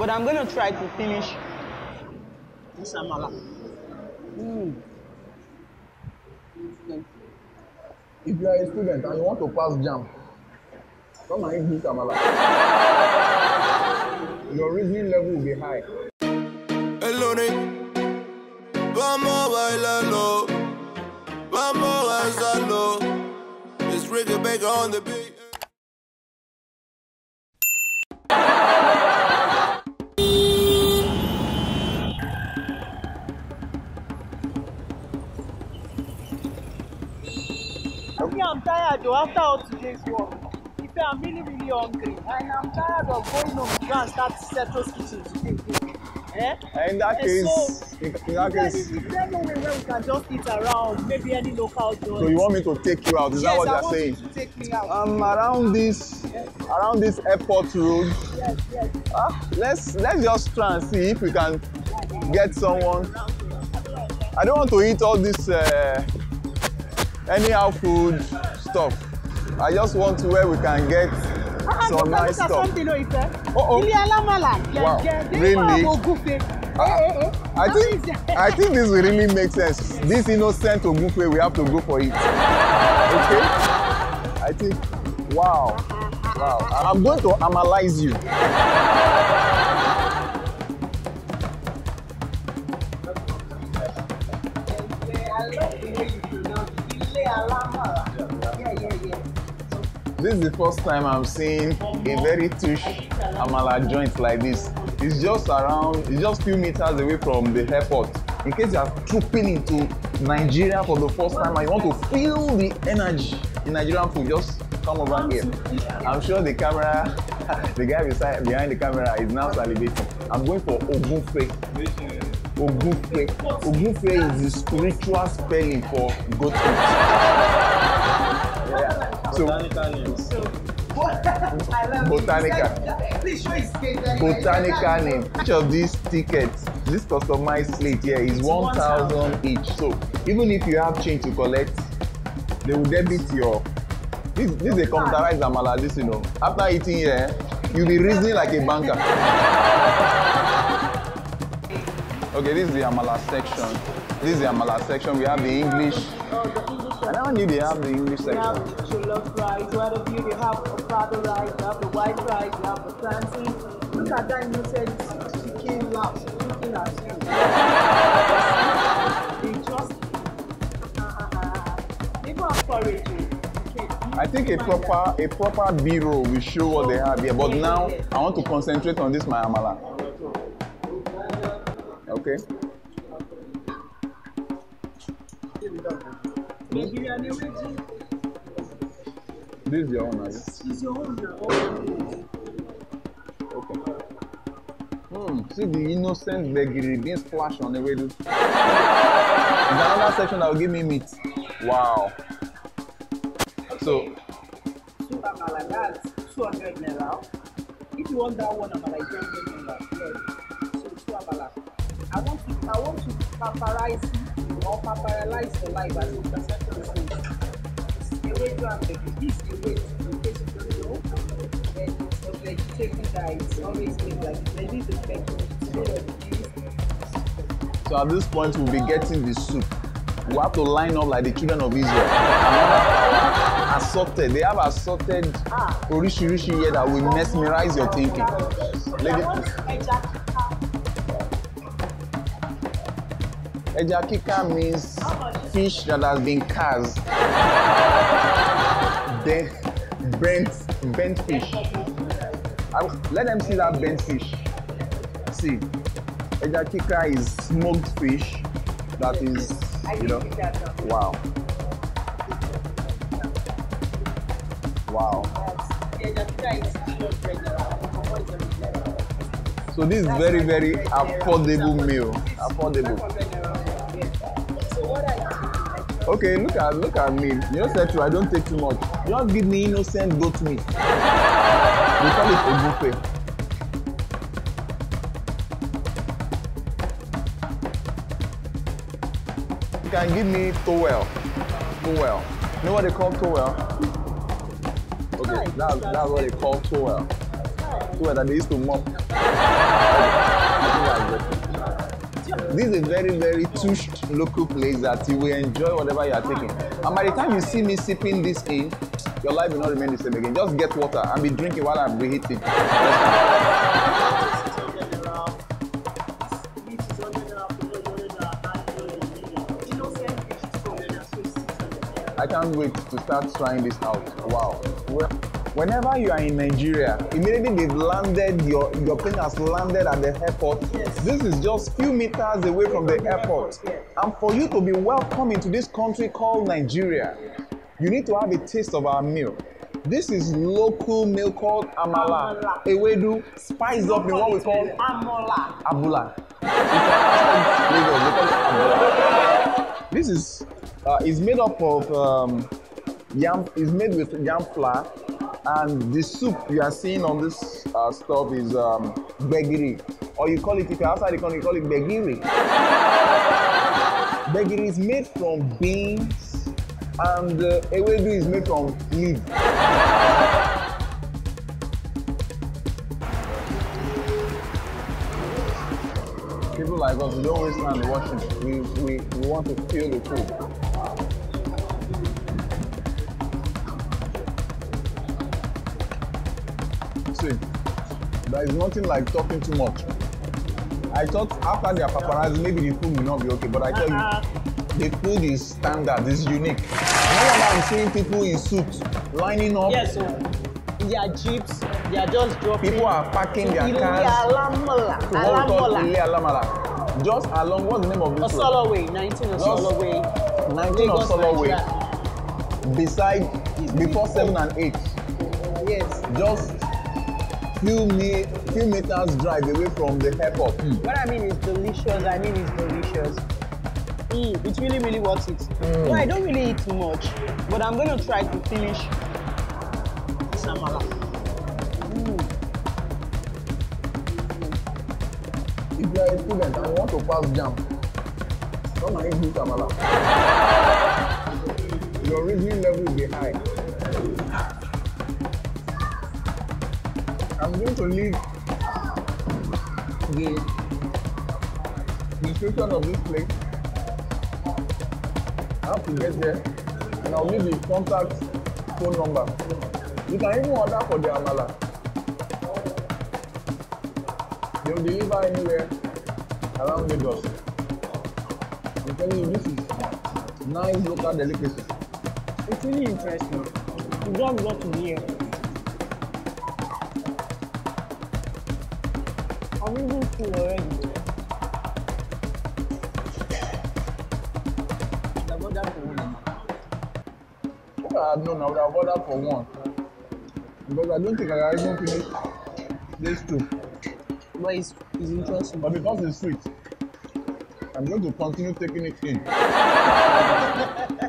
but I'm gonna try to finish this amala. Mm. If you are a student and you want to pass JAMB, come and eat this amala. Your reasoning level will be high. Elone, vamos a bailarlo, vamos a danzarlo. It's Ricky Baker on the beat. Me, I'm tired though after all today's work. If I'm really, really hungry and I'm tired of going home to go and start Cetro's kitchen today. Yeah. In that case, so, in, in that case, there's no way where we can just eat around, maybe any local joint. So you want me to take you out? Is yes, that what I you're saying? You to take me out. Um, around this, yes. around this airport road. Yes, yes. Ah, let's let's just try and see if we can get someone. I don't want to eat all this. Uh, anyhow food stuff i just want to where we can get ah, ah, some nice stuff. something oh ife. Really? alámàlà ah, eh, eh, eh. I think I think this will really make sense. This innocent ogunfe we have to go for it. Okay? I think wow. Wow. I'm going to analyze you. I love the way you This is the first time I'm seeing a very tush amala joint like this. It's just around, it's just few meters away from the airport. In case you are trooping into Nigeria for the first time and you want to feel the energy in Nigerian food, just come over here. I'm sure the camera, the guy beside, behind the camera is now salivating. I'm going for Ogufe. Ogufe. Ogufe is the spiritual spelling for goat meat so botanical names. botanical. Please show his cake. Botanical name. Each of these tickets, this customized slate here is one thousand each. So even if you have change to collect, they will debit your. This this is a computerized amala. This you know. After eating here, you'll be reasoning like a banker. okay, this is the amala section. This is the amala section. We have the English. the English. I never knew they have the English section love Christ. What a view you have of father right, you have the white right, you have the planting. Look at that innocent chicken laughs, looking at you. they just people have courage. I think a proper a proper bureau will show what they have here. But now I want to concentrate on this my amala. Okay. Nigerian This is your own, right? It's your own, your own. Okay. Hmm, see the innocent begiri being splashed on the radio. the other section that will give me meat. Wow. So. Two amala, that's 200 naira. If you want that one amala, it's 200 naira. Yes. So two amala. I want to, I want to paparize or paparize your life as a percentage already have the this weight in case you don't know. And the vegetable diet always made like there is a So at this point we'll be getting the soup. We have to line up like the children of Israel. assorted. They have assorted ah. rishi here that will mesmerize your thinking. Lady. Ejakika means fish that has been cast. bent, bent, bent fish. let them see that bent fish. See, ejakika is smoked fish that is, you know, wow. Wow. So this is very, very affordable meal. Affordable. Okay, look at look at me. You know, Setu, I don't take too much. You don't give me innocent goat meat. we call it a buffet. You can give me towel. Towel. You know what they call towel? Okay, that that's what they call towel. Towel that they used to mop. This is a very, very touched local place that you will enjoy whatever you are taking. And by the time you see me sipping this in, your life will not remain the same again. Just get water and be drinking while I'm reheating. I can't wait to start trying this out. Wow whenever you are in Nigeria, immediately they've landed, your, your plane has landed at the airport. Yes. This is just few meters away from the airport. Yes. And for you to be welcome into this country called Nigeria, you need to have a taste of our meal. This is local meal called amala, amala. ewedu, spiced up in what we call amala. Abula. this is uh, is made up of um, yam. It's made with yam flour, and the soup you are seeing on this uh, is um, begiri, or you call it if you're outside the country, you call it begiri. begiri is made from beans, and uh, ewedu is made from leaf. People like us, we don't waste time watching. We, we, we want to feel the food. See, there is nothing like talking too much. I thought after their paparazzi, maybe the food may not be okay, but I tell uh-uh. you, the food is standard, it's unique. Now wonder I'm seeing people in suits lining up. Yes, yeah, so their jeeps, they are just dropping. People are packing their cars. Ilé Alamola. Alamola. Ilé Just along, what's the name of this Osoloway, 19 Osoloway. 19 Osoloway. Beside, before 7 and 8. Yes. Just few, me, few meters drive away from the airport. Mm. What I mean is delicious. I mean it's delicious. Mm, it's really, really worth it. Mm. No, I don't really eat too much, but I'm going to try to finish this amala. Mm. If you are a student and want to pass jam, come and eat this amala. Your reasoning level will be high going to leave the description of this place. I have to get there and I'll leave the contact phone number. You can even order for the amala. They'll deliver anywhere around Lagos. I'm telling you, this is nice local delicacy. It's really interesting. You don't go to here. I'm losing two already. I ordered for I had known, I would have ordered for one. Because I don't think I can even finish this two. But it's, it's interesting. But because it's sweet, I'm going to continue taking it in.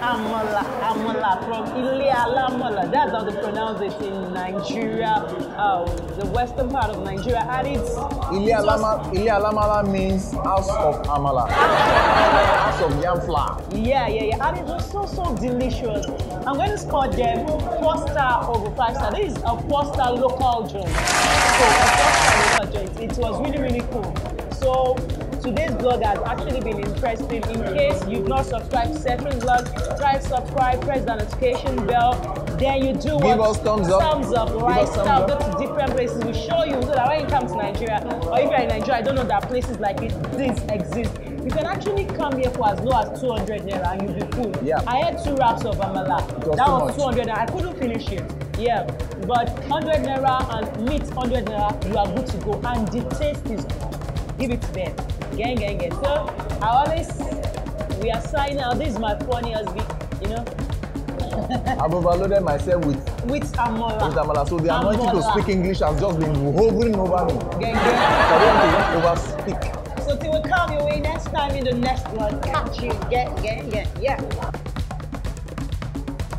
Amala, Amala from Ile Alamola. That's how they pronounce it in Nigeria, uh, the western part of Nigeria. And it's Ile Alama, Ile Alamala means house of Amala, house of yam flour. Yeah, yeah, yeah. And it was so so delicious. I'm going to score them four star over five star. This is a four star local joint. So a four star local joint. It was really really cool. So Today's blog has actually been interesting. In case you've not subscribed to certain vlog, try subscribe, press the notification bell. Then you do what? Give us thumbs up. Thumbs up, right? Thumbs up. Go to different places. We show you so that when you come to Nigeria, or if you're in Nigeria, I don't know that places like this exist. You can actually come here for as low as 200 naira and you'll be full. Cool. Yeah. I had two wraps of amala. That was much. 200 I couldn't finish it. Yeah, but 100 naira and meat 100 naira, you are good to go. And the taste is good. Give it to them. Gang, gang, gang. So I always, we are signing out. This is my funny husband, you know. I've overloaded myself with with Amala. With Amala. So the anointing to speak English has just been hovering over me. Gang, gang. So over speak. So till we come your way next time in the next one, catch you. Get get get. Yeah.